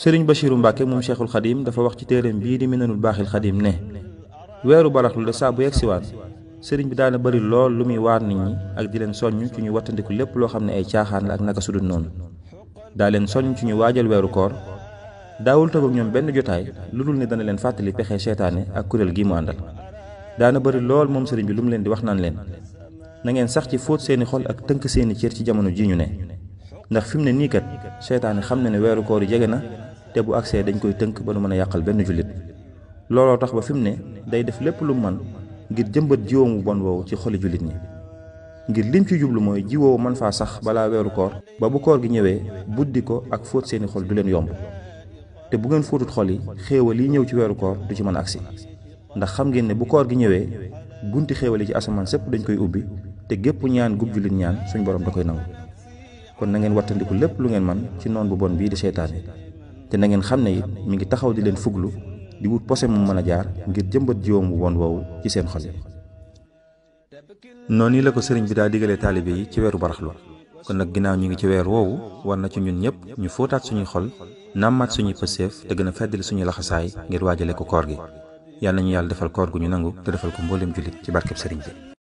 sëriñ Bachiru Mbàkke moom Cheikhul Xadim dafa wax ci téereem bii di Minanul Baaxil Xadim ne weeru baraxlu de saa bu yegsiwaat sëriñ bi daana bari lool lu muy waar nit ñi ak di leen soññ ci ñu wattandiku lépp loo xam ne ay caaxaan ak naka sudul noonu daa leen soññ ci ñu waajal weeru koor daawul toog ñoom benn jotaay lu dul ne dana leen fàttali pexe seetaane ak kuréel gi mu àndal daana bari lool moom sëriñ bi lu mu leen di wax naan leen na ngeen sax ci fóot seeni xol ak tënk seeni cër ci jamono ji ñu ne ndax fi mu ne nii kat seytaane xam na ne weeru koor yi jege na te bu agsee dañ koy tënk ba nu mën a yàqal benn jullit looloo tax ba fi mu ne day def lépp lu man ngir jëmbat jiwoomu bon woowu ci xoli jullit ñi ngir lim ci jublu mooy jiwoowu man faa sax balaa weeru koor ba bu koor gi ñëwee buddi ko ak fóot seeni xol du leen yomb te bu ngeen fóotut xol yi xéewal yi ñëw ci weeru koor du ci mën a agsi ndax xam ngeen ne bu koor gi ñëwee bunti xéewal ci asamaan sépp dañ koy ubbi te gépp ñaan gub jullit ñaan suñ borom da koy nangu kon na ngeen wattandiku lépp lu ngeen man ci noon bu bon bii di seytaane te na ngeen xam ne it mi ngi taxaw di leen fuglu di wut pose mu mën a jaar ngir jëmbat jiwoom bu bon woowu ci seen xol yi noonu la ko sëriñ bi daa digalee taalibe yi ci weeru baraxlu kon nag ginnaaw ñu ngi ci weer woowu war na ci ñun ñëpp ñu fóotaat suñuy xol nàmmaat suñuy pëseef te gën a feddali suñuy laxasaay ngir waajale ko koor gi yàlla nañu yàlla defal koor gu ñu nangu te defal ko mboolem jullit ci barkeb sëriñ bi